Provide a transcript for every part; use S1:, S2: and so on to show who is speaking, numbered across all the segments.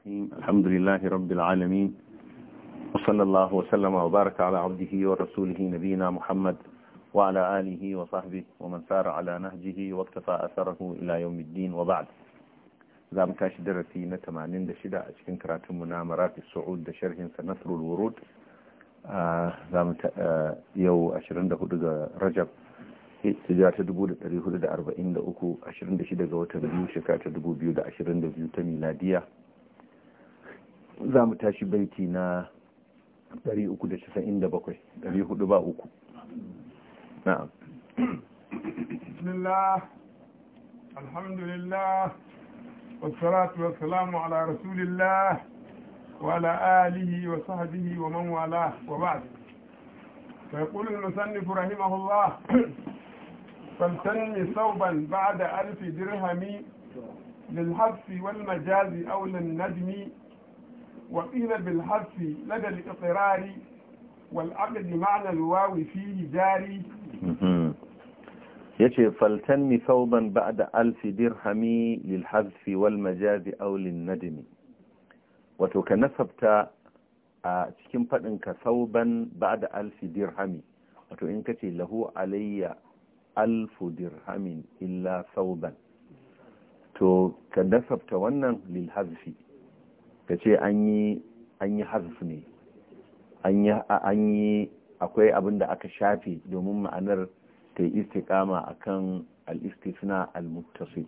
S1: الرحيم الحمد لله رب العالمين وصلى الله وسلم وبارك على عبده ورسوله نبينا محمد وعلى آله وصحبه ومن سار على نهجه واقتفى أثره إلى يوم الدين وبعد زام كاش درسي نتمانين دشدا أشكن كراتم منامرات السعود دشره سنصر الورود زام يو أشرن دهود رجب hijira ta 1443 26 ga watan biyu shekara ta 2022 ta miladiya za mu tashi baiti na 397 400 ba uku na'am
S2: bismillah alhamdulillah wasalatu wasalamu ala rasulillah wa ala alihi wa sahbihi wa man wala wa فيقول المصنف رحمه الله فامتني ثوبا بعد ألف درهم للحذف والمجاز أو للندم وقيل بالحذف لدى الإقرار والعقد معنى الواو فيه جاري
S1: يشي فلتنمي ثوبا بعد ألف درهم للحذف والمجاز أو للندم وتكنسبت a cikin faɗinka sauban ba da alfi dirhami wato in ka ce lahu alayya alfu dirhamin illa sauban to ka nasabta wannan lil hazfi ka ce an yi ne an yi akwai abin da aka shafe domin ma'anar ta yi istiqama a kan al'istisna al-muttasil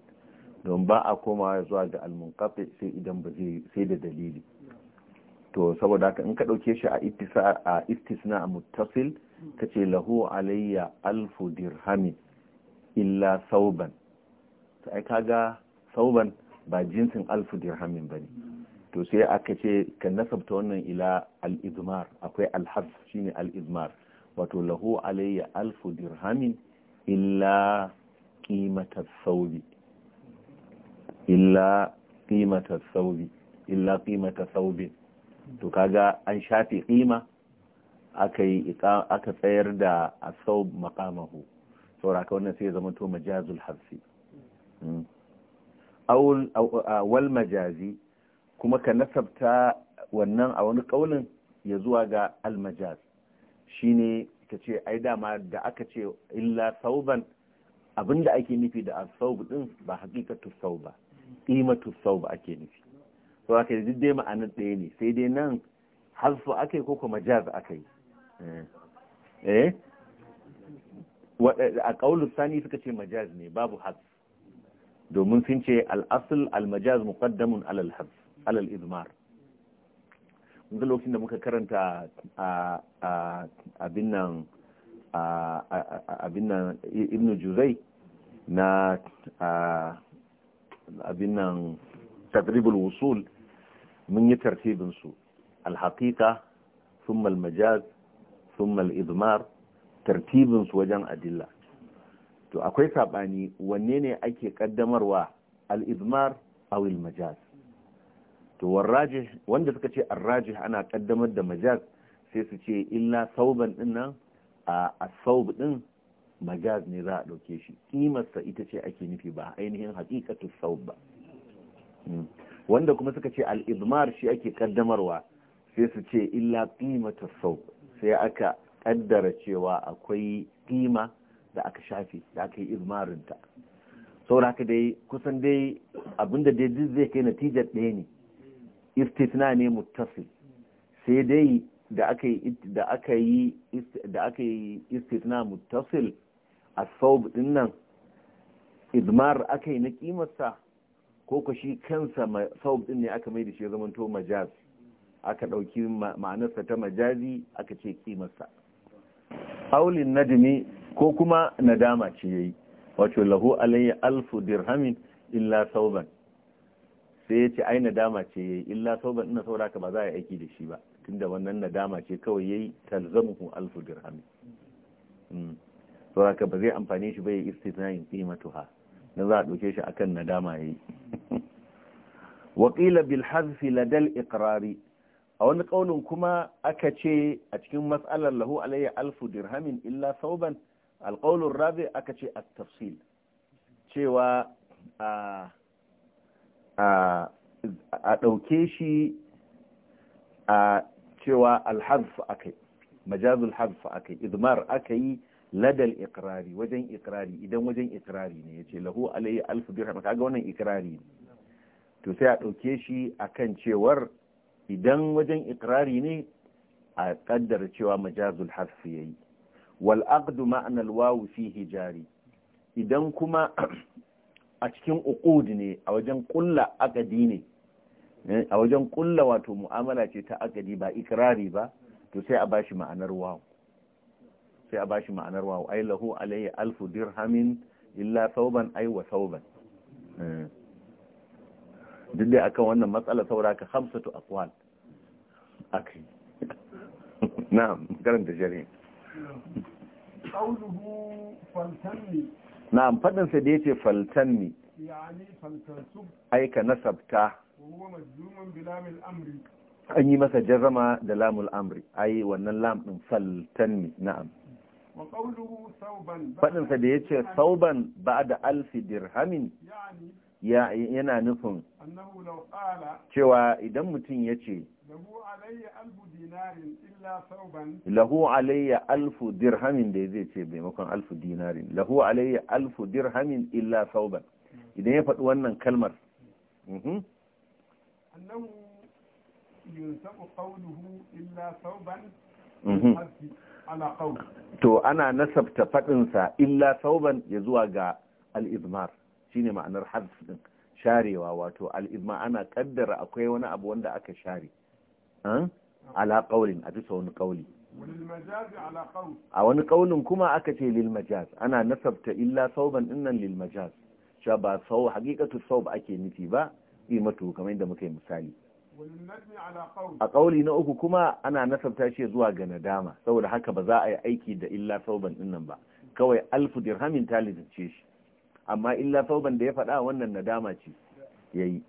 S1: don ba a komawa zuwa ga al-munqati sai idan ba sai da dalili to saboda haka in ka ɗauke shi a istisna a muttasil ka ce lahu alayya alfu dirhami illa sauban sai kaga sauban ba jinsin alfu dirhamin ba ne to sai aka ce ka nasabta wannan ila al-izmar akwai al shi shine al-izmar wato lahu alayya alfu dirhamin illa qimata thawbi illa qimata thawbi illa qimata thawbi to kaga an shafi qima aka yi aka tsayar da asaub maqamahu saboda ka wannan sai ya zama to majazul hafsi hmm. awul wal majazi kuma ka nasabta wannan a wani ƙaunin ya zuwa ga almajaz Shi ne ka ce ai dama da aka ce illa sauban abinda ake nufi da asaub din ba haqiqatu sauba qimatu sauba ake nufi so aka yi dai ma'anar ɗaya ne sai dai nan harsu aka yi majaz aka yi eh. Eh? a ƙaunar sani suka ce majaz ne babu haf domin sun ce al'asul al-majaz muqaddamun alal haf alal izmar wanda lokacin da muka karanta abin nan ibn juzai na abin nan tadribul wusul mun yi tartibin su alhaqiqa thumma almajaz thumma alidmar tartibin wajen adilla to akwai saɓani wanne ne ake kaddamarwa izmar aw majaz to warrajih wanda suka ce arrajih ana kaddamar da majaz sai su ce illa sauban din nan a asaub din majaz ne za a dauke shi kimarsa ita ce ake nufi ba ainihin haqiqatu saub ba hmm. wanda kuma suka ce al-idmar shi ake kaddamarwa sai su ce illa qimatu saub sai aka kaddara cewa akwai kima da aka shafi da aka yi izmarinta saboda haka dai kusan dai abinda dai zai kai natijar ɗaya ne istitna ne muttasil sai dai da aka yi da aka yi da aka istitna muttasil as-sawb din nan idmar aka na kimarsa ko ko shi kansa sawb din ne aka mai da shi zaman to majaz aka dauki ma'anarsa ta majazi aka ce kimarsa aulin nadimi ko kuma nadama ce yayi wato lahu alayya alfu dirhamin illa sawban sai ya ce ai nadama ce ya yi, illa sauran ina sauraka ba za a yi aiki da shi ba tunda wannan nadama ce kawai ya yayi talzamuhu alfu dirham hmm. sauraka ba zai amfani shi ba ya istitnayin qimatuha na za a ɗauke shi akan nadama yayi waƙila bilhazfi ladal ikrari a wani ƙaunin kuma aka ce a cikin matsalar lahu alayya alfu dirhamin illa sauban alƙaunin rabi aka ce a tafsil cewa a a ɗauke shi a cewa alharf aka yi majazul harf aka yi idmar aka yi ladal ikrari wajen ikrari idan wajen ikrari ne ya ce lahu alayhi alf dirham kaga wannan ikirari ne to sai a ɗauke shi akan cewar idan wajen ikrari ne a kaddara cewa majazul harf yayi wal aqdu ma'anal wawu fihi jari idan kuma a cikin uqud ne a wajen kulla akadi ne eh, a wajen kulla wato mu'amala ce ta akadi ba ikrari ba to sai a bashi ma'anar wa. sai a bashi ma'anar wawu ai lahu alayhi alfu dirhamin illa sauban ai wa sauban eh. duk dai akan wannan matsala saura ka hamsatu aqwal akai na'am karanta shari'a
S2: qawluhu fantanni
S1: na'am fadin sa da yace faltanni
S2: yani faltansu.
S1: ai ka nasabta
S2: huwa majzumun bi lamil amri
S1: an yi masa jazama da lamul amri ai wannan lam din faltanni na'am
S2: fadin sa da yace
S1: sauban ba'da alfi dirhamin yana nufin cewa idan mutum yace lahu alayya alfu dirhamin da zai ce maimakon alfu dinarin lahu alayya alfu dirhamin illa sauban idan ya faɗi wannan kalmar mhm. mhm. to ana nasabta faɗinsa illa sauban ya zuwa ga al'izmar shine ma'anar hadis din sharewa wato al’izmar ana kaddara akwai wani abu wanda aka share ala قول a bisa wani ƙauli a wani ƙaunin kuma aka ce lil majaz ana nasabta illa sauban dinnan lil majaz cewa ba sau haƙiƙatu sau ake nufi ba ƙimatu misali a ƙauli na uku kuma ana nasabta shi zuwa ga nadama saboda haka ba za a yi aiki da illa sauban dinnan ba kawai alfu dirhamin ta ce shi amma illa sauban da ya faɗa wannan nadama ce yayi yi.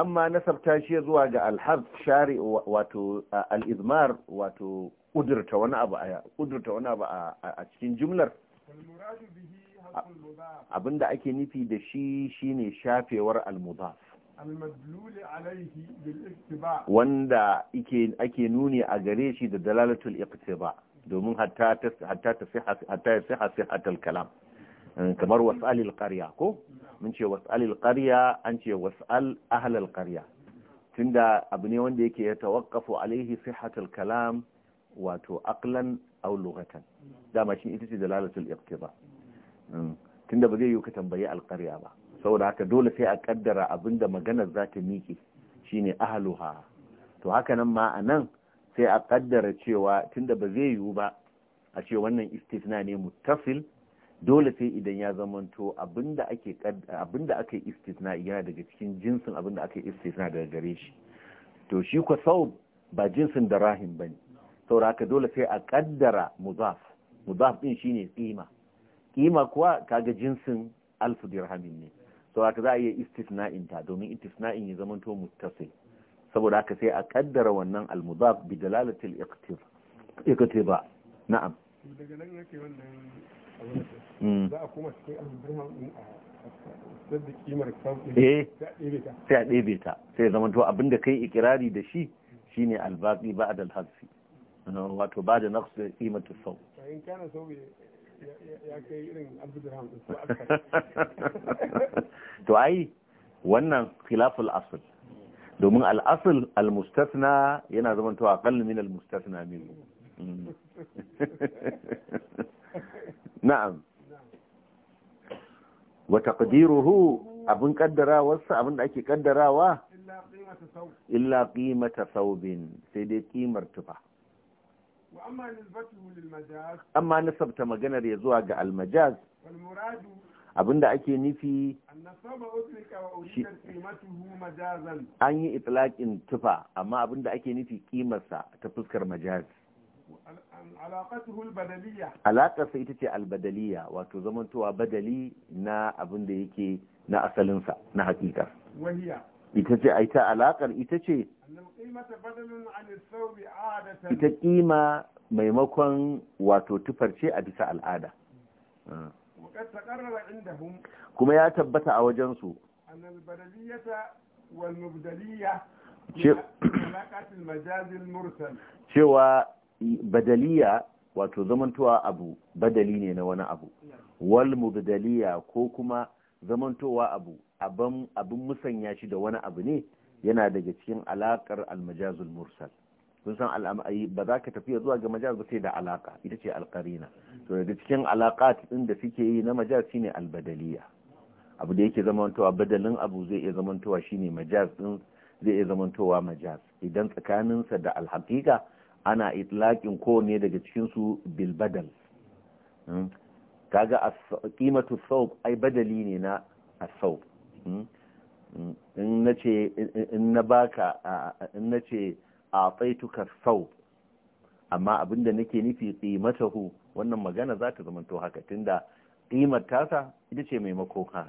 S1: amma nasabta shi zuwa ga alhaz shari wato al'izmar wato kudurta wani abu a kudurta wani abu a cikin jumlar abinda ake nufi da shi shine shafewar almudaf wanda ake nuni a gare shi da dalalatul iqtiba domin hatta ta hatta ta kalam Eh, kamar was'alil qarya ko mun ce was'alil qarya an ce was'al ahlal qarya tunda abu ne wanda yake ya tawaqqafu alaihi sihhatul kalam wato aqlan aw lughatan dama shi ita ce dalalatul iqtiba hmm. tunda ba zai yi ka tambayi alqarya ba saboda haka dole sai a kaddara abinda maganar za ta miƙe shine ahluha to haka nan ma anan sai a kaddara cewa tunda ba zai yiwu ba a ce wannan istisna ne muttasil dole sai idan ya zamanto abinda ake abinda aka yi istisna yana daga cikin jinsin abinda aka yi istisna daga gare shi to shi ko sau ba jinsin da rahim bane saboda sauraka dole sai a kaddara muzaf muzaf din shine kima kima kuwa kaga jinsin alf dirhamin ne sauraka za a iya in ta domin in ya zamanto muttasil saboda haka sai a kaddara wannan al muzaf bi dalalatil iqtiba na'am
S2: daga nan yake wannan za a da kimar sai
S1: a ɗebe ta sai zama to abinda kai ikirari da shi shine albaqi ba da hadfi wato ba da naqsi qimatu sau
S2: in kana sau ya kai irin
S1: to ai wannan khilaful asl domin al'asul al-mustasna yana zama to aqall min al-mustasna minhu na'am wa taqdiruhu abin kaddarawarsa abin da ake kaddarawa illa qimata thawbin sai dai kimar tufa amma nasabta maganar ya zuwa ga almajaz abinda ake nufi an yi itlaƙin tufa amma abinda ake nufi kimarsa ta fuskar majaz alaƙarsa ita ce albadaliya wato zamantowa badali na abin da yake na asalinsa na hakika. ita ce a ita alaƙar ita ce ita ƙima maimakon wato tufarce a bisa al'ada hmm. kuma ya tabbata a wajensu cewa badaliya wato zamantowa abu badali ne na wani abu wal mubdaliya ko kuma zamantowa abu abin abin musanya shi da wani abu ne yana daga cikin alaƙar almajazul mursal kun san ba za ka tafiya zuwa ga majaz ba sai da alaka ita ce alkarina to daga cikin alakat din da suke yi na majaz shine albadaliya abu da yake zamantowa badalin abu zai iya zamantowa shine majaz din zai iya zamantowa majaz idan tsakaninsa da alhaqiqa ana itlaƙin kowane daga cikinsu bilbadal hmm? kaga kimatu saub ai badali ne na saub hmm? hmm? in in na baka in na ce a faituka amma abinda nake nufi kimatahu wannan magana za ta zamanto haka tunda kimar tasa ita ce maimako ha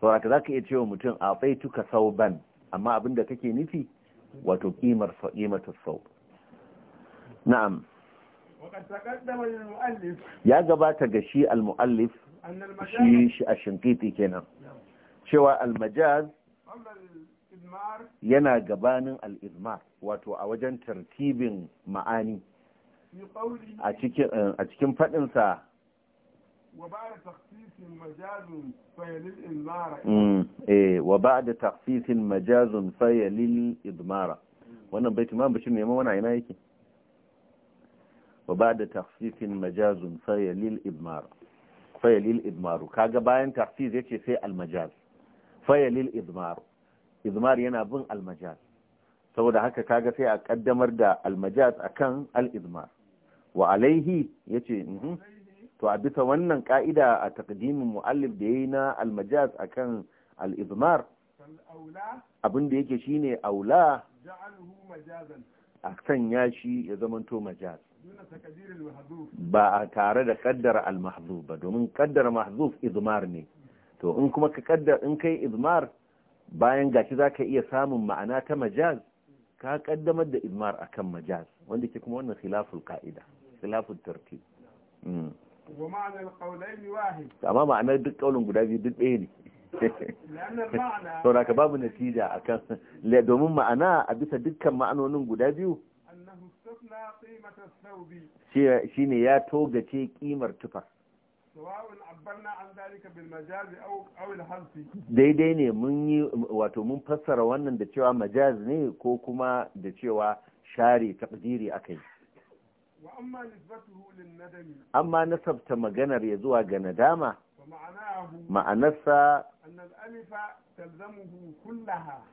S1: sauraka za ka iya cewa mutum a tsaituka sauban amma abinda kake nufi wato kimar kimatu na'am ya gabata ga shi al-mu'allif a shinkiti kenan cewa al yana gabanin al-izmar wato a wajen tartibin ma'ani a cikin eh, faɗinsa mm, eh, wa ba da taksisin majazun fayalil idmara wannan baiti ma bashir neman wani aina yake وبعد تخفيف مجاز فيلي الإضمار فيلي الإضمار كاجا باين تخفيف يتي في المجاز فيلي الإضمار إضمار ينابن المجاز saboda haka kaga sai a kaddamar da almajaz akan al-idmar wa alaihi yace to a bisa wannan ka'ida a takdimin muallif da yayi na almajaz akan al-idmar abin da yake shine aula a sanya shi ya zamanto majaz ba a tare da kaddara al ba domin kaddara mahzuf izmar ne to in kuma ka kaddar in kai izmar bayan gashi zaka iya samun ma'ana ta majaz ka kaddamar da izmar akan majaz wanda ke kuma wannan khilaful qa'ida khilaful tartib hmm.
S2: wa ma'ana al-qawlayn wahid
S1: amma ma'anar duk kaulin guda biyu duk ɗaya
S2: ne saboda ka
S1: babu natija akan domin ma'ana a bisa dukkan ma'anonin guda biyu shi ne ya togace kimar tufar daidai ne mun yi wato mun fassara wannan da cewa majaz ne ko kuma da cewa share takdiri aka yi amma nasabta maganar ya zuwa ga nadama
S2: ma'anarsa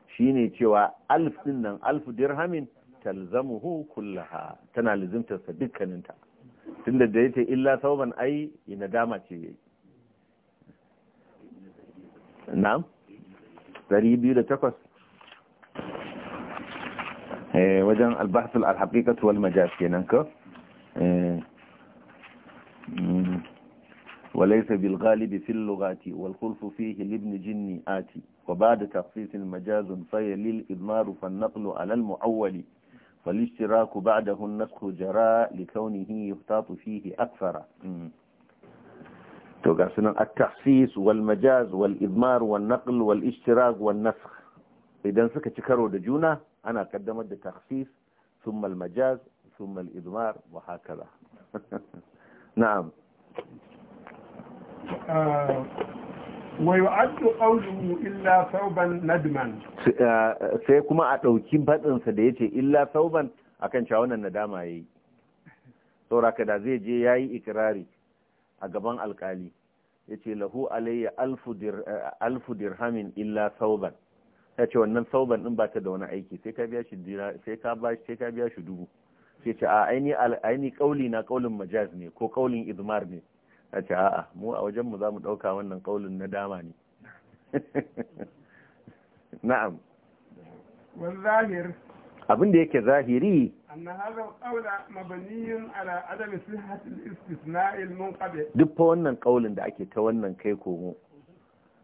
S1: shi ne cewa alf din nan alf dirhamin talzamuhu kullaha tana lizimtarsa dukkaninta tunda da yace illa sauban ai ina dama ce yayi na'am 208 eh wajen al-bahth al-haqiqah wal eh. hmm. majaz kenan ka وليس بالغالب في اللغات والخلف فيه لابن جني آتي وبعد تخصيص مجاز فيلي الإضمار فالنقل على المعول فالاشتراك بعده النسخ جراء لكونه يختاط فيه أكثر التخصيص والمجاز والإضمار والنقل والاشتراك والنسخ إذا نسك كرو دجونا أنا قدمت التخصيص ثم المجاز
S2: ثم الإضمار وهكذا نعم آه، ويعد قوله illa sauban ندما
S1: sai kuma a ɗauki faɗinsa da ya ce illa sauban akan cewa wannan nadama ya yi sauraka da zai je ya yi ikirari a gaban alkali ya ce lahu alayya alfu eh, dirhamin illa sauban ya ce wannan sauban ɗin ba ta da wani aiki sai ka biya shi dubu sai ce a aini kauli na kaulin majaz ne ko kaulin izmar ne a ce a'a mu a wajenmu za mu ɗauka wannan ƙaunin na dama ne na'am abin da yake zahiri duk fa wannan ƙaunin da ake ta wannan kai komo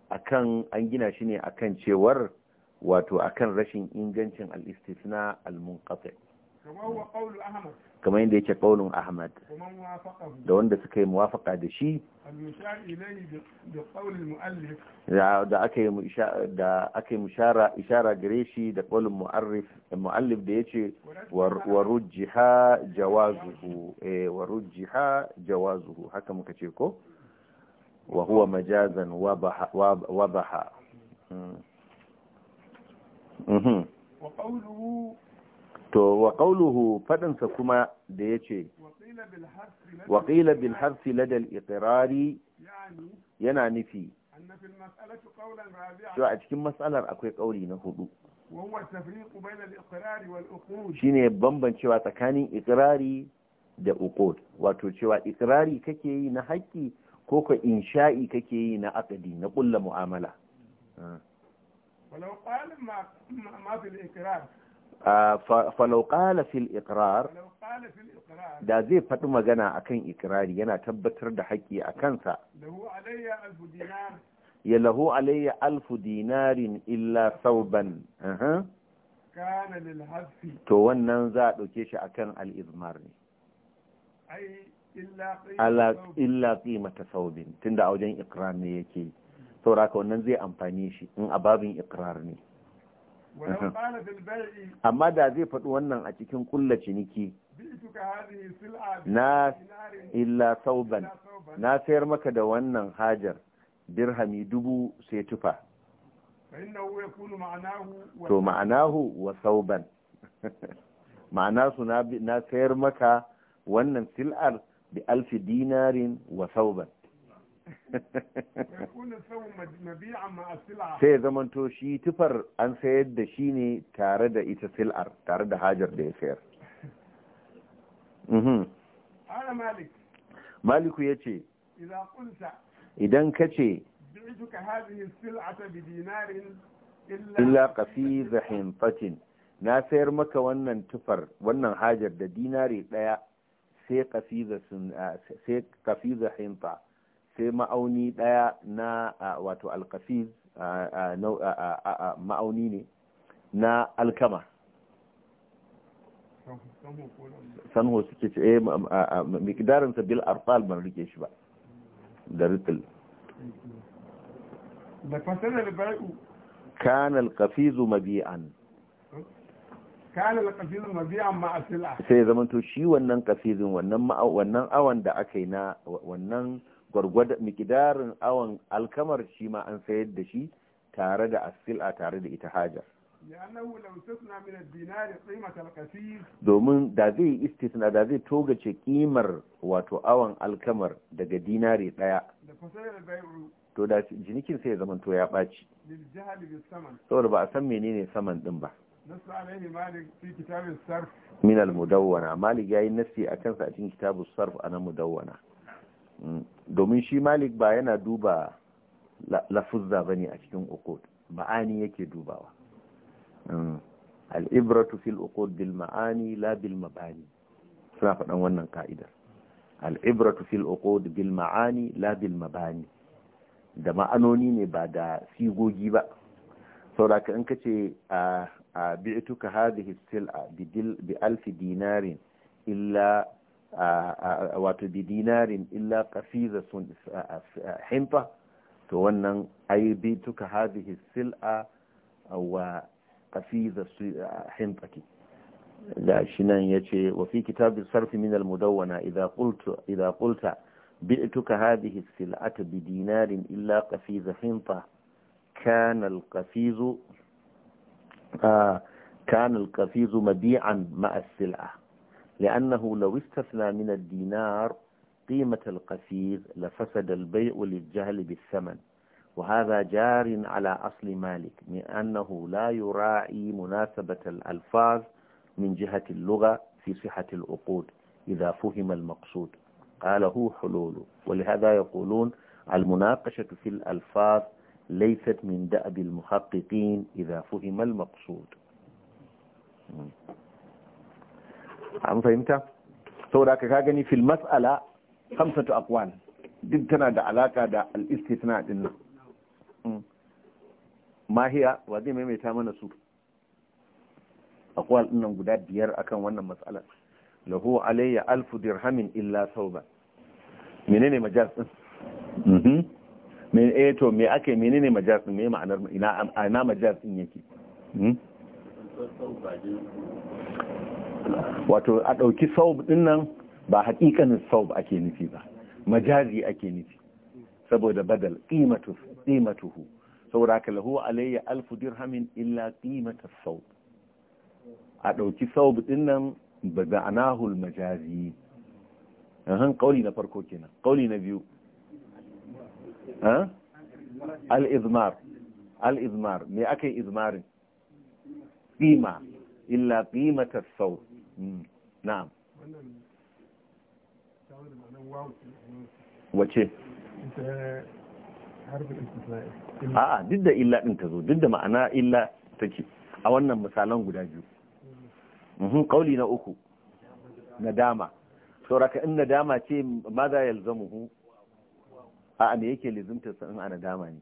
S1: akan an gina shi ne akan cewar wato akan rashin ingancin al-istisna al-munqati
S2: kamar wa qawlu ahmad
S1: kamar yadda yake kaulin Ahmad da wanda suka yi muwafaka da shi da aka yi da aka yi mushara ishara gare shi da kaulin mu'arrif mu'allif da yace wa rujjiha jawazuhu eh wa rujjiha jawazuhu haka muka ce ko wa huwa majazan mm. mm-hmm. wa wabaha
S2: wa
S1: to wa qawluhu faɗinsa kuma da yace
S2: wa qila bil
S1: harfi ladal iqrari yana nufi to a cikin matsalar akwai ƙauri na hudu shine bambancewa tsakanin iqrari da uqud wato cewa iqrari kake yi na haƙƙi ko ka insha'i kake yi na aqdi na ƙulla mu'amala
S2: walau ma
S1: falau ƙala fil iqrar da zai faɗi magana akan ikirari yana tabbatar da haƙƙi a kansa ya lahu alayya alf dinarin illa sauban to wannan za a ɗauke shi akan al'izmar ne illa ƙimata saubin tunda a wajen ikrar ne yake sauraka wannan zai amfani shi in a babin ikrar ne amma da zai faɗi wannan a cikin kulla ciniki
S2: na illa
S1: sauban na sayar maka da wannan hajar dirhami dubu sai tufa to ma'anahu wa sauban ma'ana su na sayar maka wannan sil'ar bi alfi dinarin wa sauban sai ya to shi tufar an sayar da shi ne tare da ita sil'ar tare da hajar da ya sayar mhm. maliku ya ce idan ka ce illa kafi zahin fatin na sayar maka wannan tufar wannan hajar da dinari ɗaya sai kafi zahin fatin sai ma'auni ɗaya na wato alkafiz ma'auni ne na alkama sanho suke ce eh mikidarinsa bil arfal ban rike shi ba da ritil
S2: da fasalar bai'u
S1: kana alkafizu mabi'an
S2: Sai zama to ma'asila
S1: sai shi wannan kafizin wannan awan da aka yi na wannan gwargwada mikidarin awon alkamar shi ma an sayar da shi tare da asila tare da ita hajar domin da zai istisna da zai togace kimar wato awon alkamar daga dinari daya to da jinikin sai ya zama to ya ɓaci saboda ba a san menene saman din ba min al-mudawwana malik yayi nasi akan sa a cikin kitabus sarf ana mudawwana domin shi malik ba yana duba lafuzza ba ne a cikin uqud ma'ani yake dubawa mm. al'ibratu fil uqud bil ma'ani la bil mabani suna faɗan wannan ka'idar al'ibratu fil uqud bil ma'ani la bil mabani da ma'anoni ne ba da sigogi ba saboda in ka ce a bi'tuka hadhihi sil'a bi alfi dinarin illa wato bi dinarin illa qafiza sun hinta to wannan ai bi tuka hadhihi sil'a wa qafiza hintati da shi nan yace wa fi kitab sarf min al mudawwana idha qultu idha qulta bi'tuka hadhihi sil'ata bi dinarin illa qafiza hinta كان القفيز آه كان القفيز مبيعا مع السلعه لأنه لو استثنى من الدينار قيمة القفيز لفسد البيع للجهل بالثمن وهذا جار على أصل مالك من أنه لا يراعي مناسبة الألفاظ من جهة اللغة في صحة العقود إذا فهم المقصود قاله حلول ولهذا يقولون المناقشة في الألفاظ ليست من دأب المحققين إذا فهم المقصود an fahimta saboda haka ka gani fil mas'ala hamsatu aqwal duk tana da alaka da al-istithna din nan mm. mahiya wa zai maimaita mana su aqwal din nan guda biyar akan wannan mas'ala lahu alayya alfu dirhamin illa sauba menene majaz din mhm. men eh to me ake menene majaz din me ma'anar ina ina majaz din yake hmm? wato a ɗauki saub ɗin nan ba haƙiƙanin saub ake nufi ba majazi ake nufi saboda badal ƙimatuhu saboda ka lahu alayya alfu dirhamin illa ƙimata saub a ɗauki saub ɗin nan ba anahul majazi ahan ƙauli na farko kenan ƙauli na biyu al-izmar al-izmar me aka yi izmarin ƙima illa ƙimatar saub Mm. na'am wace a'a duk da illa din ta zo duk da ma'ana illa take a wannan misalan guda biyu mhm kauli na uku nadama sauraka in nadama ce ma za ya hu? me yake lizimtarsa in a nadama ne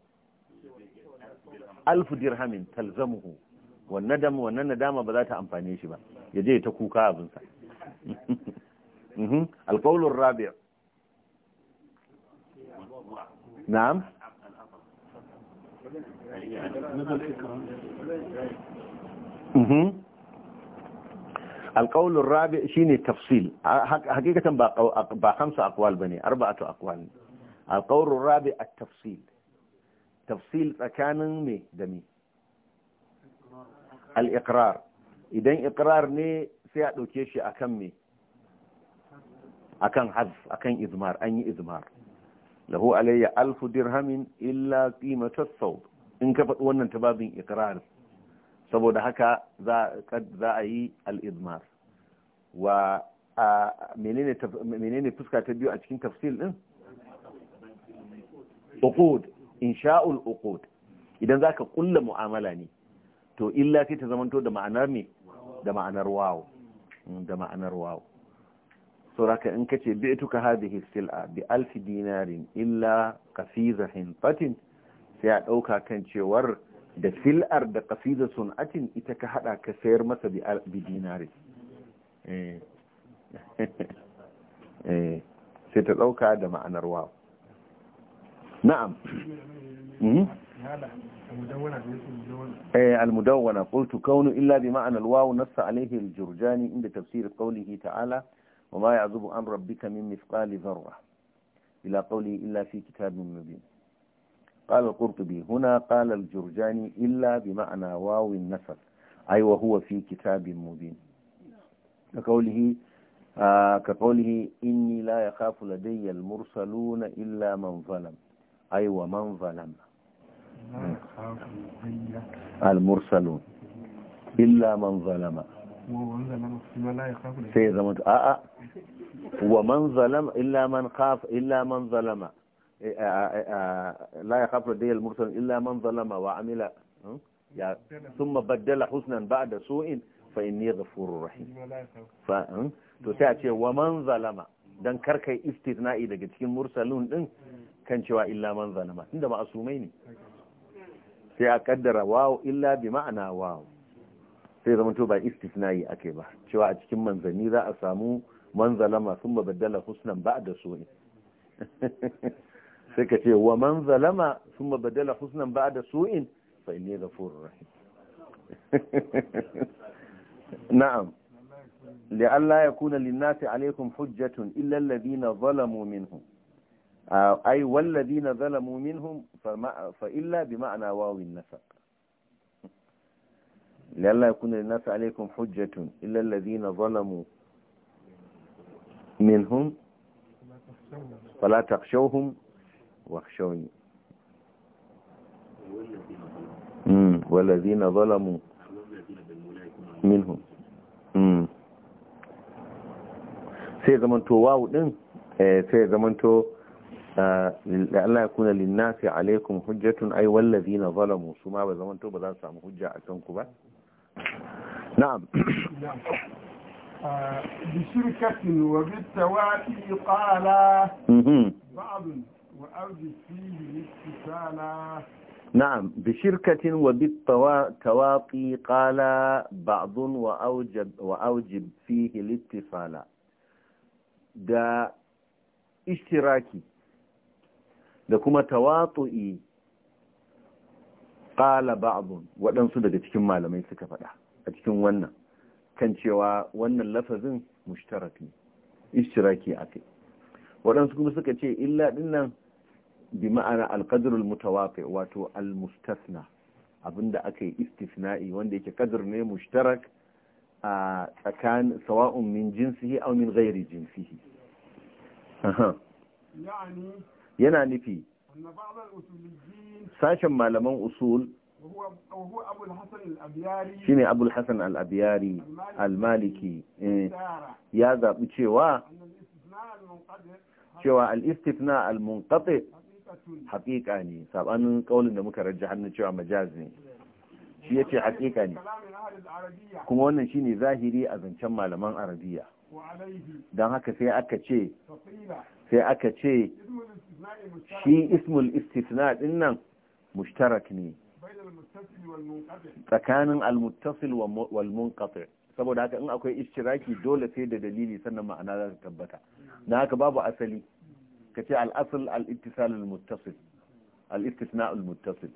S1: alfu dirhamin talzamuhu wannan dam wannan nadama ba za ta amfane shi ba ya je ta kuka abinsa alƙaulun rabi na'am alƙaulun rabi shi ne tafsil hakikatan ba hamsa akwal ba ne arba'atu akwal ne alƙaulun rabi a tafsil tafsil tsakanin me da me al ikrar idan ikrar ne sai a ɗauke shi akan me akan a kan izmar an yi izmar lahu alayya alfu dirhamin illa ƙimatar sau in ka faɗi wannan tababin babin saboda haka za a yi al’izmar wa menene menene fuska ta biyu a cikin tafsil ɗin in insha'ul uqud idan za ka ƙulla mu'amala ne to illa sai ta zamanto da ma'anar ne da ma'anar wawo mm, da ma'anar wawo sauraka in ka ce bi'tuka hadhihi sil'a bi alfi dinarin illa qafiza hinfatin sai a ɗauka kan cewar da sil'ar da qafiza sun'atin ita ka haɗa ka sayar masa bi dinarin eh. Eh. sai ta ɗauka da ma'anar wawo na'am mm-hmm. المدونة إيه، المدونة قلت كون إلا بمعنى الواو نص عليه الجرجاني عند تفسير قوله تعالى وما يعذب عن ربك من مثقال ذرة إلى قوله إلا في كتاب مبين قال القرطبي هنا قال الجرجاني إلا بمعنى واو النسل أي وهو في كتاب مبين كقوله آه كقوله إني لا يخاف لدي المرسلون إلا من ظلم أي ومن ظلم al-mursalun illa man a'a wa man zalama illa man khaf illa man zalama eh, eh, eh, la yakhaf ladayhi al-mursalun illa man zalama wa amila hmm? ya thumma baddala husnan ba'da su'in fa inni ghafurur rahim fa hmm? to sai a ce wa man zalama dan karkai istithna'i daga cikin mursalun din kan cewa illa man zalama tunda ma'asumai ne sai a kaddara wawo illa bi ma'ana wawo sai zama to ba istisnayi ake ba cewa a cikin manzanni za a samu manzalama sun mabaddala husnan ba da ne sai ka ce wa manzalama sun mabaddala husnan ba da in fa ne ghafurur rahim na'am li'alla ya kuna linnati alaikum hujjatun إلا الذين zalamu minhum ai wallazi na zalamu minhum fa illa bi ma'ana wawin nasa lalla yakuna lin nasa alaikum hujjatun illa allazina zalamu minhum والذين ظلموا منهم sai zamanto wawu لألا يكون للناس عليكم حجة أي والذين ظلموا سما بزمان تو بذان سامو حجة أكنكم با
S2: نعم بشركة وبالتواتي قال بعض وأوجد فيه الاتصال
S1: نعم بشركة وبالتواطي قال بعض وأوجب, وأوجب فيه الاتصال دا اشتراكي da kuma tawatu'i ƙala ba'dun waɗansu daga cikin malamai suka faɗa a cikin wannan kan cewa wannan lafazin mushtaraki ishtiraki akai waɗansu kuma suka ce illa ɗinnan bi ma'ana alqadrul mutawaqi wato almustasna abinda aka yi istisna'i wanda yake qadr ne mushtarak a tsakan sawa'un min jinsihi aw min ghairi jinsihi yani yana nufi sashen malaman usul
S2: shi ne abul hassan
S1: al-abiyari al-maliki eh, ya zaɓi cewa cewa al-istifna al-munqati haƙiƙa ne saɓanin ƙaunin da muka rajja hannun cewa majaz ne shi ya ce haƙiƙa ne kuma wannan shi ne zahiri a zancen malaman arabiya don haka sai aka ce
S2: shi ismul
S1: istithna din nan mushtarak ne tsakanin almuttasil wal munqati saboda haka in akwai ishtiraki dole sai da dalili sannan ma'ana za ta tabbata na haka babu asali kace al asl al ittisal al muttasil al istithna al muttasil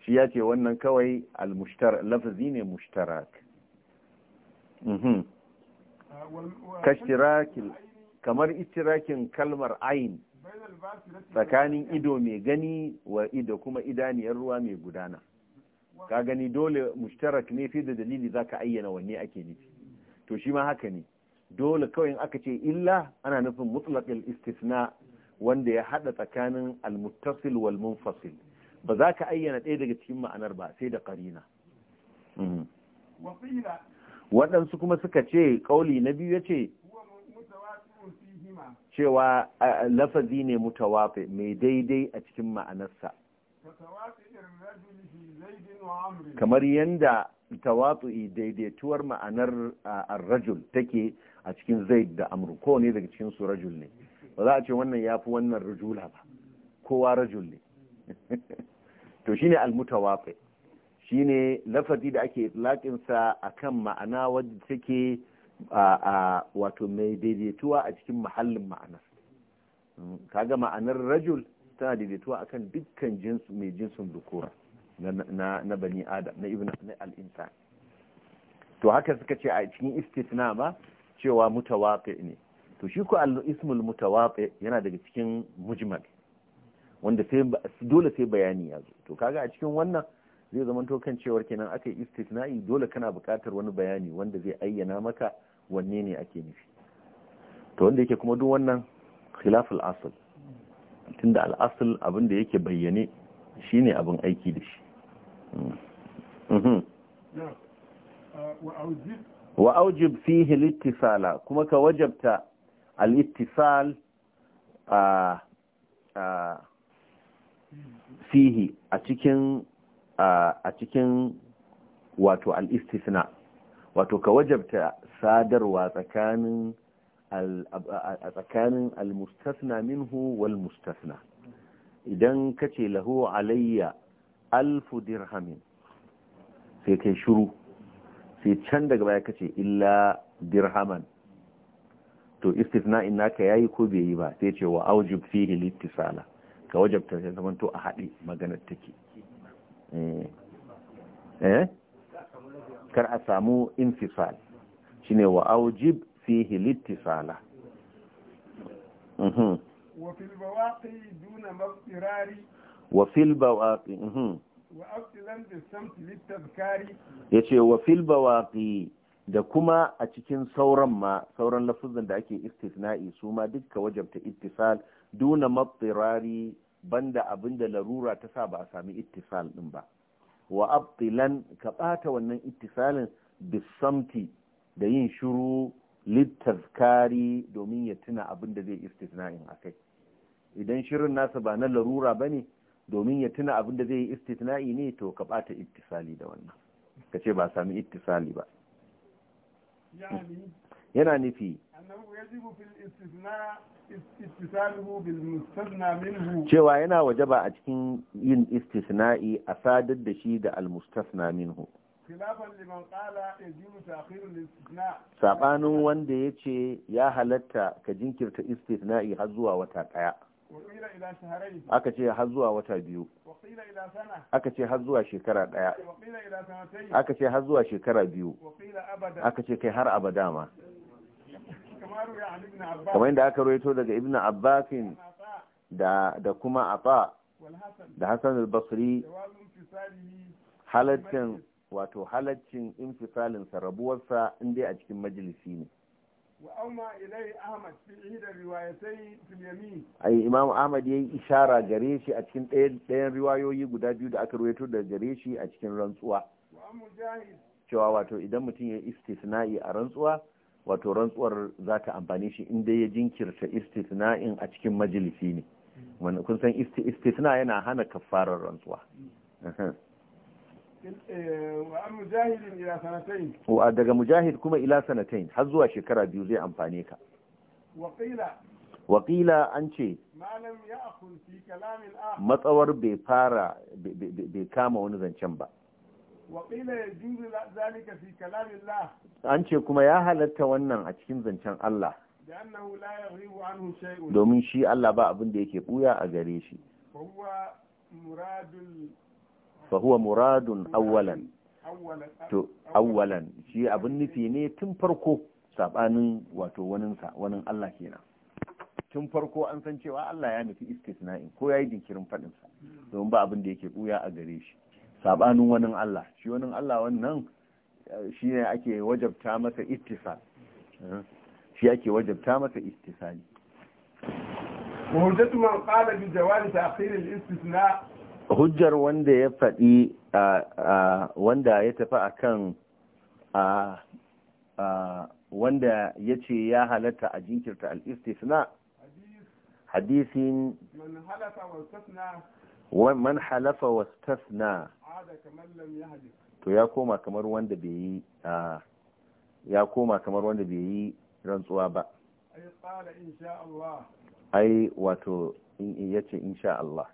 S1: shi yace wannan kawai al mushtar lafazi ne mushtarak mhm.
S2: kashtirakil
S1: kamar istirakin kalmar ain tsakanin ido mai gani wa ido kuma idaniyar ruwa mai gudana ka gani dole mushtarak ne fi da dalili za ka ayyana wanne ake nufi to shi ma haka ne dole kawai in aka ce illa ana nufin mutlaqil istisna wanda ya haɗa tsakanin almuttasil wal munfasil ba za ka ayyana ɗaya daga cikin ma'anar ba sai da karina hmm. waɗansu kuma suka ce ƙauli na biyu ya ce cewa lafazi ne mutawafi mai daidai a cikin ma'anarsa kamar yadda tawatsu'i daidaituwar ma'anar rajul take a cikin zaid da amru ko ne daga cikin su rajul ne ba za a ce wannan ya fi wannan rajula ba kowa rajul ne to shi shine almutawafi shine lafazi da ake itlaƙinsa kan ma'ana wadda take wato mai daidaituwa a cikin muhallin ma'anar mm, kaga ma'anar rajul tana daidaituwa akan dukkan jinsu mai jinsin dukura na bani adam na ibn al-insan to haka suka ce a cikin istitna ba cewa mutawaqi ne to shi ko al-ismul mutawaqi yana daga cikin mujmal wanda sai dole sai bayani ya zo to kaga a cikin wannan zai zama to kan cewar kenan aka yi istitna'i dole kana buƙatar wani bayani wanda zai ayyana maka wanne ne ake nufi to wanda yake kuma duk wannan khilaful asl tunda al asl abin da yake bayyane shine abin aiki da shi mm-hmm. wa aujib fihi littisala kuma ka wajabta al-ittisal a fihi a cikin a cikin wato al'istisna, wato ka wajabta sadarwa tsakanin a tsakanin al-mustasna minhu wal mustasna idan ka ce lahu alayya alfu dirhamin sai kai shuru sai can daga baya ka ce illa dirhaman to istisna'in naka yayi ko bai yi ba sai ce wa aujib fihi littisala ka wajabta sai zama to a haɗe maganar take Eh? eh kar a samu infisal shine wa aujib fihi littisala mhm.
S2: Wa البواقي دون مغفرار
S1: wa البواقي
S2: وأفضلا بالسمت للتذكار
S1: يشي وفي da kuma a cikin sauran ma sauran lafuzan da ake istisna'i su ma dukka wajabta ittisal duna mabtirari banda abin da larura ta sa ba a sami ittisal din ba wa abtilan ka bata wannan ittisalin bisamti da yin shiru littazkari domin ya tuna abin da zai in akai idan shirin nasa ba na larura bane domin ya tuna abin da zai yi istisna'i ne to ka bata ittisali da wannan ka ce ba sami ittisali ba yana nufi cewa yana wajaba a cikin yin istisna'i a sadar da shi da almustasna minhu saɓanin wanda ya ce ya halatta ka jinkirta istisna'i har zuwa wata ɗaya aka ce har zuwa wata biyu aka ce har zuwa shekara ɗaya
S2: aka ce har zuwa shekara biyu aka ce kai har abada ma kamar yadda aka
S1: rawaito daga ibn abbasin da da kuma afa da hassan al-basri
S2: halaccin
S1: wato halaccin infisalinsa rabuwarsa inda a cikin majalisi ne ai imam ahmad ya yi ishara gare shi a cikin ɗayan riwayoyi guda biyu da aka rawaito da gare shi a cikin rantsuwa cewa wato idan mutum ya istisna'i a rantsuwa wato rantsuwar za ta amfani shi inda ya jinkirta istisna'in a cikin majalisi ne kun san istisna yana hana kafarar rantsuwa eh, wa daga mujahid kuma ila sanatain har zuwa shekara biyu zai amfane ka wakila an ce matsawar bai fara bai kama wani zancen ba an ce kuma ya halatta wannan a cikin zancen Allah domin shi Allah ba abin da yake buya a gare shi fahuwa muradun awwalan to awwalan shi abin nufi ne tun farko sabanin wato waninsa wanin Allah kenan tun farko an san cewa Allah ya nufi istisna'in ko ya yi jinkirin faɗinsa hmm. domin ba abin da yake buya a gare shi sabanin wani Allah shi wani Allah wannan eh, shi ne ake wajabta masa ittisal eh, shi ake wajabta masa ittisali
S2: hujjatu man qala bi jawazi ta'khir al-istisna
S1: hujjar wanda ya fadi wanda ya tafi akan wanda ya ce ya halatta a jinkirta al-istisna hadisin
S2: man wa istisna
S1: man halafa wastasna to ya koma kamar wanda bai yi ya koma kamar wanda bai yi rantsuwa ba ai wato in yace insha Allah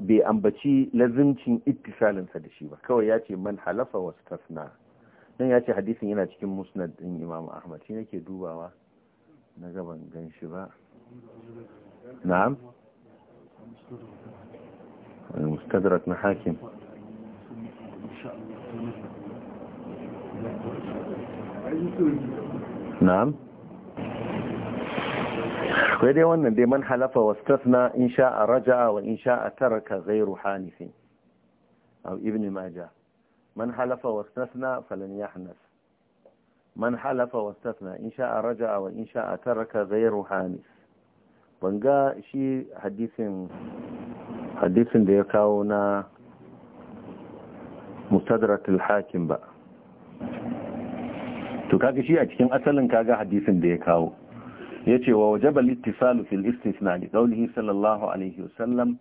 S1: bai ambaci lazimcin ittisalinsa da shi ba kawai ya ce man halafa wastasna nan ya ce hadisin yana cikin musnad din imam ahmad shi nake dubawa na gaban gan shi ba نعم مستدرك محاكم نعم ويدي وانا دي من حلف واستثنى إن شاء رجع وإن شاء ترك غير حانف أو ابن ماجا من حلف واستثنى فلن يحنث من حلف واستثنى إن شاء رجع وإن شاء ترك غير حانف banga shi hadisin hadisin da ya kawo na mustadratul hakim ba to kaga shi a cikin asalin kaga hadisin da ya kawo yace wa wajaba al-ittisalu fil istithna li qawlihi sallallahu alaihi wasallam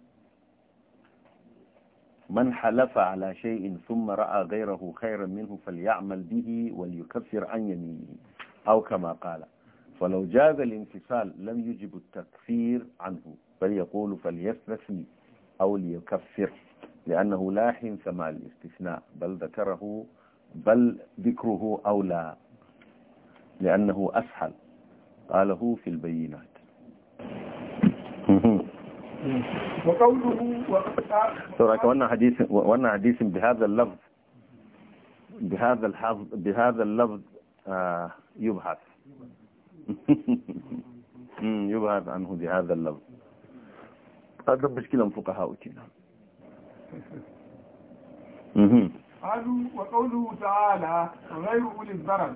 S1: man halafa ala shay'in thumma ra'a ghayrahu khayran minhu falyamal bihi wal yukaffir an yaminihi aw kama qala فلو جاز الانفصال لم يجب التكفير عنه بل يقول فليستثني أو ليكفر لأنه لا حنث مع الاستثناء بل ذكره بل ذكره أولى لأنه أسهل قاله في البينات
S2: وقوله
S1: سورة وانا حديث وانا حديث بهذا اللفظ بهذا الحظ بهذا اللفظ آه يبحث يبعد عنه بهذا اللفظ هذا مشكلة فقهاؤتنا
S2: قالوا وقوله تعالى غير أولي الضرر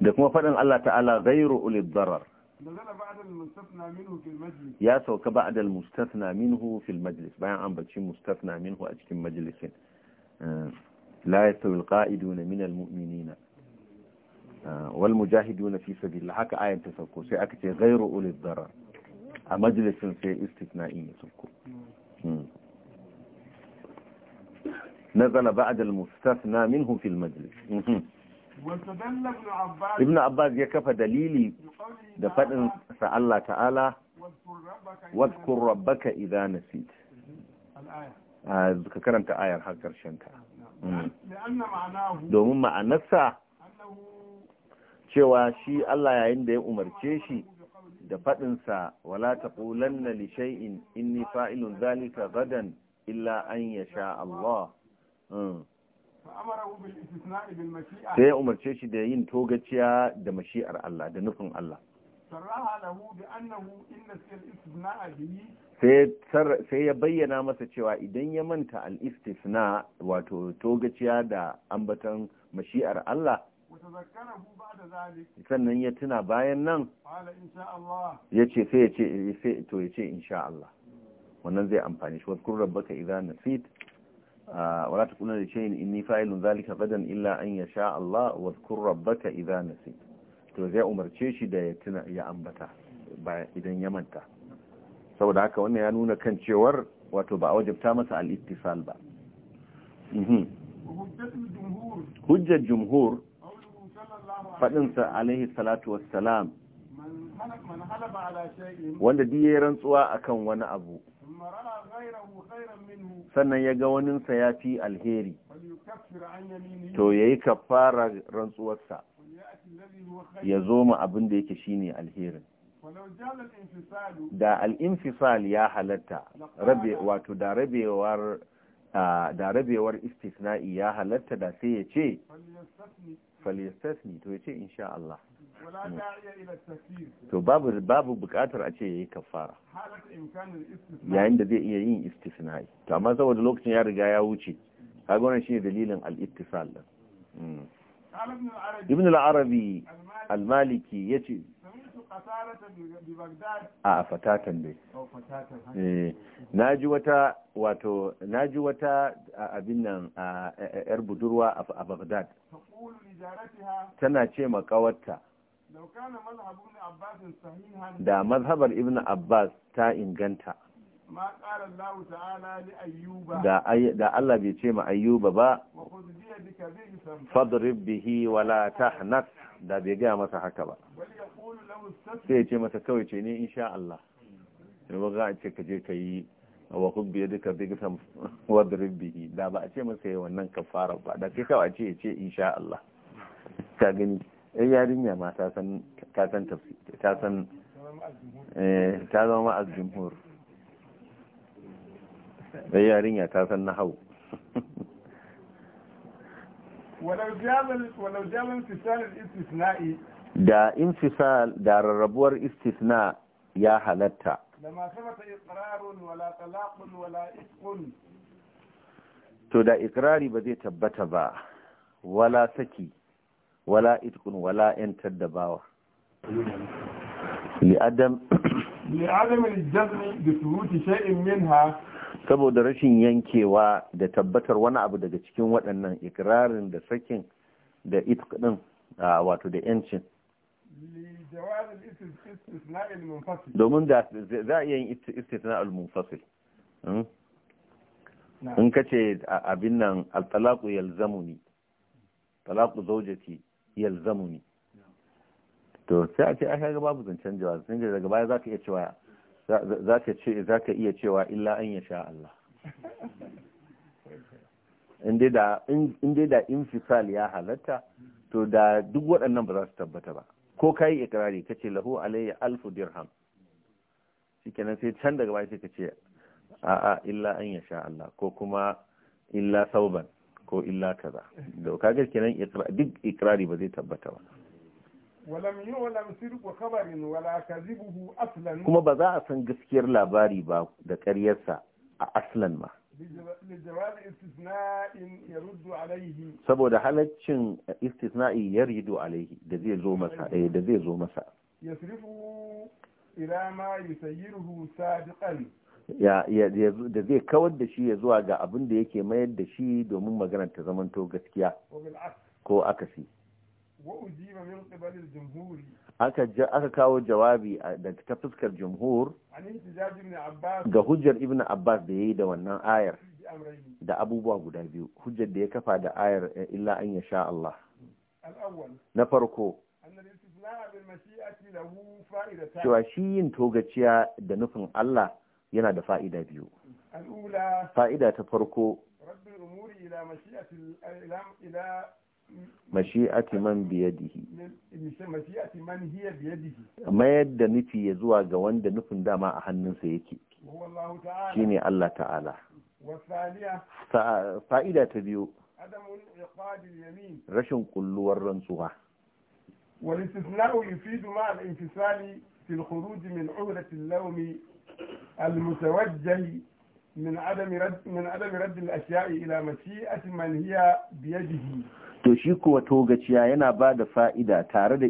S1: ده كما فعلا الله تعالى غير أولي الضرر
S2: نزل بعد المستثنى منه في المجلس يا سوك
S1: بعد المستثنى منه في المجلس بيان عم بتشي مستثنى منه أجكم مجلس آه، لا يستوي القائدون من المؤمنين wal mujahiduna fi sabilillah haka ayan ta sauko sai aka ce ghayru ulil darar a majalisin sai istithna'i ya sauko hmm. nazala ba'd al mustathna minhu fi al majlis hmm. ibn abbas ya kafa dalili da fadin sa Allah ta'ala wadkur rabbaka idha nasit ah, ka karanta ayar har karshen ka
S2: hmm. domin
S1: ma'anarsa cewa shi Allah yayin da ya umarce shi da faɗinsa wala taqulanna li shay'in inni fa'ilun zalika gadan illa an yasha Allah hmm. sai ya umarce shi da yin togaciya da mashi'ar Allah da nufin Allah sai ya bayyana masa cewa idan ya manta al-istisna wato togaciya da ambatan mashi'ar Allah sannan ya tuna bayan nan ya ce sai ya ce to ya ce insha Allah wannan zai amfani shi wadkur na fit a ah, wala taqulna li shay'in inni fa'ilun zalika gadan illa an yasha Allah baka rabbaka na fit to zai umarce shi da ya tuna ya ambata idan ya manta saboda haka wannan ya nuna kan cewar wato ba a wajabta masa al ba mhm. hujjar jumhur faɗinsa alaihi salatu wassalam wanda yi rantsuwa akan wani abu sannan ya ga waninsa ya fi alheri to ya yi kafara rantsuwarsa ya zo ma abin da yake shine alherin da al'infisal ya halatta wato da rabewar da rabewar istisna'i ya halatta da sai ya ce to ya ce insha Allah to babu babu bukatar a ce yayi kafara yayin da zai iya yin istisna'i to amma saboda lokacin ya riga ya wuce kaga wannan shine dalilin al-ittisal din hmm. ibn al-arabi al-maliki yace a fatatan dai eh, na ji wata wato na ji wata abin nan a yar budurwa a bagdad tana ce makawarta
S2: da mazhabar
S1: ibn abbas ta inganta da Allah bai ce ma ayyuba ba fadrib bihi wala tahnat da bai gaya masa haka ba sai ya ce masa kawai ce ne insha Allah sai ba za a ce ka je ka yi wa hubbi ya duka bi gisan wadrib bihi da ba a ce masa yi wannan kafara ba da kai kawai ce ya ce insha Allah ka gani ai yarinya ma ta san ta san ta eh, san ta zama ma'az jumhur dan yarinya ta san na nahau da infisal da rarrabuwar istisna ya halatta to da ikirari ba zai tabbata ba wala saki wala itkun wala yantar da bawa li'adam li'adam al-jazm
S2: bi thubuti shay'in minha
S1: saboda rashin yankewa da tabbatar wani abu daga cikin waɗannan ikirarin da sakin da itqin wato da yancin domin da za a iya yin istisna al-munfasil hmm? in ka ce abin nan al talaku yalzamuni talaku zaujati yalzamuni to sai a ce aka ga babu zancen jawaz sai daga baya za ka iya cewa za ka iya cewa illa an ya sha Allah inda da infisal ya halatta to da duk waɗannan ba za su tabbata ba ko ka yi ikirari ka ce lahu alayya alfu dirham shi kenan sai can daga baya sai ka ce a'a illa an ya sha Allah ko kuma illa sauban ko illa kaza da kaga kenan duk ikirari ba zai tabbata ba kuma ba za a san gaskiyar labari ba da ƙaryarsa a aslan ma saboda halaccin istisna'i ده زي زو da zai الى ما da zai zo masa eh, da zai kawar da shi ya zuwa ga abin da yake mayar da shi domin maganar ta zamanto gaskiya ko akasi aka kawo jawabi da ta fuskar jumhur ga hujjar ibn abbas da ya yi da wannan ayar da abubuwa guda biyu hujjar da ya kafa da ayar eh, illa an ya sha Allah na farko cewa shi yin togaciya da nufin Allah yana da fa'ida biyu fa'ida ta farko mashi'ati man biyadihi mayar da nufi ya zuwa ga wanda nufin dama a hannunsa yake shine Allah ta'ala fa'ida ta biyu rashin kulluwar rantsuwa
S2: والاستثناء يفيد مع الانفصال في الخروج من عهدة اللوم المتوجه من عدم رد من عدم رد الاشياء الى مشيئة من هي بيده
S1: to shi kuwa togaciya yana ba da fa'ida tare da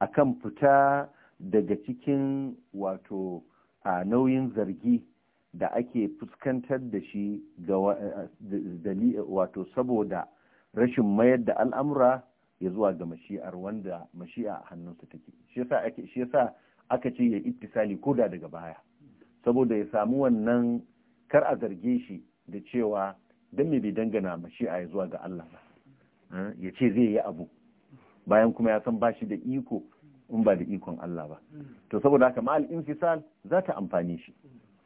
S1: a kan fita daga cikin wato a nauyin zargi da ake fuskantar da shi ga wato saboda rashin mayar da al'amura ya zuwa ga mashi'ar wanda mashi'a a hannunsa take shi yasa aka ce ya ittisali da daga baya saboda ya samu wannan kar a zarge shi da cewa don me bai dangana mashi'a ya zuwa ga Allah Eh, ya ce zai yi abu bayan kuma ya san bashi da iko in ba da ikon Allah ba to saboda haka ma'al infisal za ta amfani shi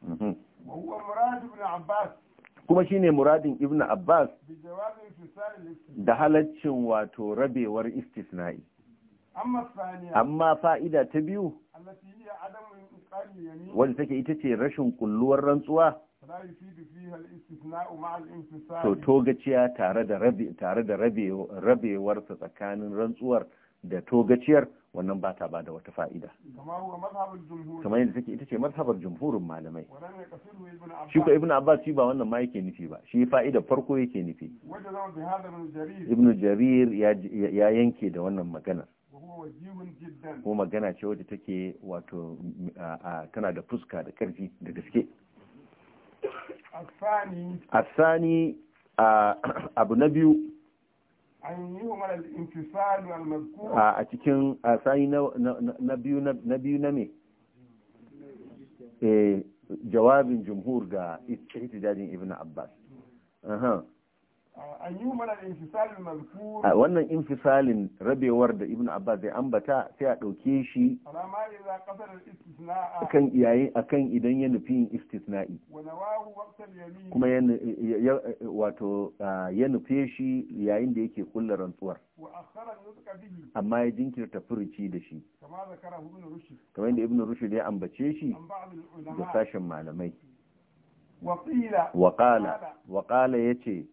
S1: mhm. kuma shi ne muradin ibn Abbas da halaccin wato rabewar istisna'i amma fa'ida ta biyu wadda take ita ce rashin kulluwar rantsuwa to togaciya tare da tare da rabewarsa tsakanin rantsuwar da togaciyar wannan ba ta bada wata fa'ida kamar yadda take ita ce mazhabar jumhurin malamai shi ko ibnu abbas shi ba wannan ma yake nufi ba shi fa'ida farko yake nufi ibnu jarir ya yanke da wannan magana ko magana ce wadda take wato tana da fuska da karfi da gaske الثاني abu na biyu a cikin asani na biyu na biyu na me jawabin jumhur ga ihtijajin ibn abbas a wannan infisalin rabewar da ibn abbas zai ambata sai a ɗauke shi
S2: akan iyayen
S1: akan idan ya nufi yin istisna'i kuma wato ya nufe shi yayin da yake kulla rantsuwar amma ya jinkirta furuci da shi kamar da ibn rushd ya ambace shi da sashen malamai
S2: waƙala
S1: waƙala ya ce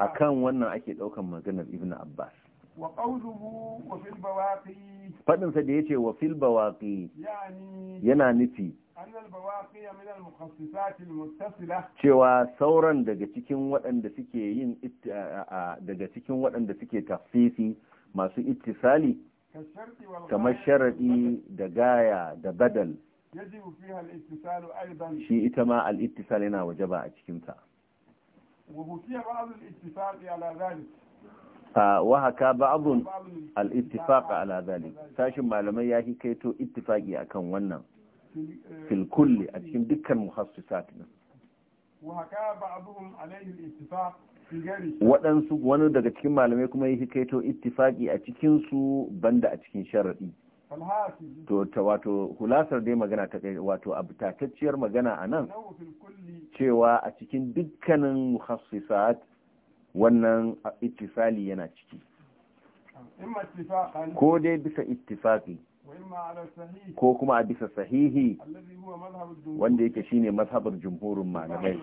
S1: akan wannan ake ɗaukan maganar ibn abbas faɗinsa da ya ce wa fil bawaƙi yana nufi cewa sauran daga cikin waɗanda suke yin daga cikin waɗanda suke tafsisi masu ittisali kamar sharaɗi da gaya da badal shi ita ma al-ittisal yana wajaba a cikinsa
S2: وحكي بعض الاتفاق على ذلك
S1: wahaka ba'adun
S2: al-ittifaq
S1: a al'adari, sashin malamai ya yi kaito a kan wannan fil a cikin dukkan muhassisat din
S2: wahaka ba'dhum alayhi al-ittifaq waɗansu
S1: wani daga cikin malamai kuma ya kaito ittifaqi a cikinsu su banda a cikin sharadi to ta wato hulasar dai magana ta kai wato abtatacciyar magana a nan cewa a cikin dukkanin muhassisat wannan ittifali yana ciki ko dai bisa ittifaki ko kuma a bisa sahihi wanda yake shine mazhabar jumhurin malamai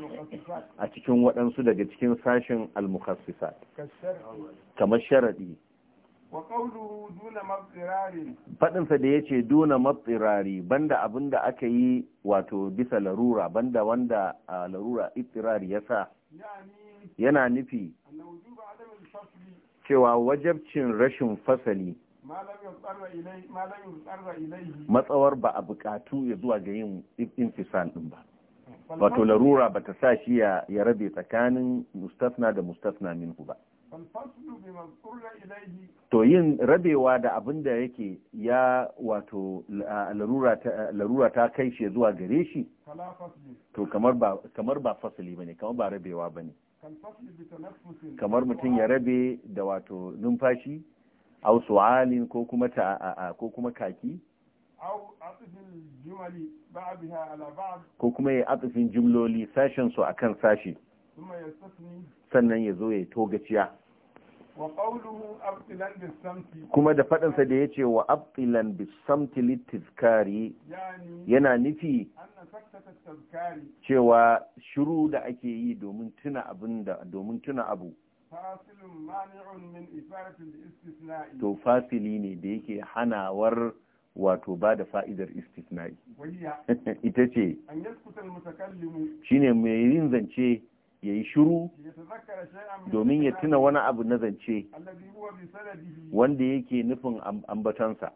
S1: a cikin waɗansu daga cikin sashen al-mukhassisat kamar sharadi faɗinsa da ya ce duna matsirari banda abin da aka yi wato bisa larura banda wanda a larura ittirari ya sa yana nufi cewa wajabcin rashin fasali matsawar ba a bukatu ya zuwa ga yin infisan ɗin ba
S2: wato larura
S1: ba ta sa shi ya rabe tsakanin mustafna da mustafna minhu ba to yin rabewa da abin da yake ya wato larura ta kai shi zuwa gare shi to kamar ba fasali ba ne, kamar ba rabewa ba ne.
S2: kamar mutum ya rabe
S1: da wato numfashi au su'alin ko kuma ta ko kuma kaki ko kuma ya atsifin jumloli sashen su akan sashi sannan ya zo ya togaciya kuma da faɗansa da ya ce wa abtilan bisamti littizkari yana nufi cewa shiru da ake yi domin tuna abin da domin tuna abu to fasili ne da yake hanawar wato ba da fa'idar istisna'i ita ce shine mai yin zance ya yi shiru
S2: domin ya tuna wani
S1: abu na zance wanda yake nufin ambatansa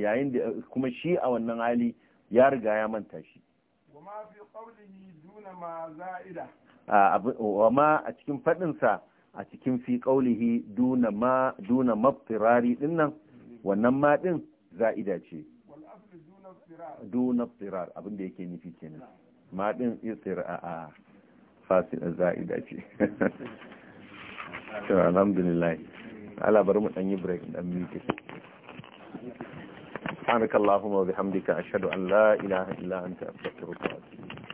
S1: yayin da kuma shi a wannan hali ya riga ya manta shi wa ma a cikin faɗinsa a cikin fi ƙaulihi duna mafirari dinnan wannan ma ɗin za'ida ce duna firar abinda yake nufi kenan maɗin isir a a fasi za'ida ce shi alhamdulillah alabar mu ɗanyi break ɗan miki
S2: sanaka allahumma wa bihamdika ashhadu an la ilaha illa anta astaghfiruka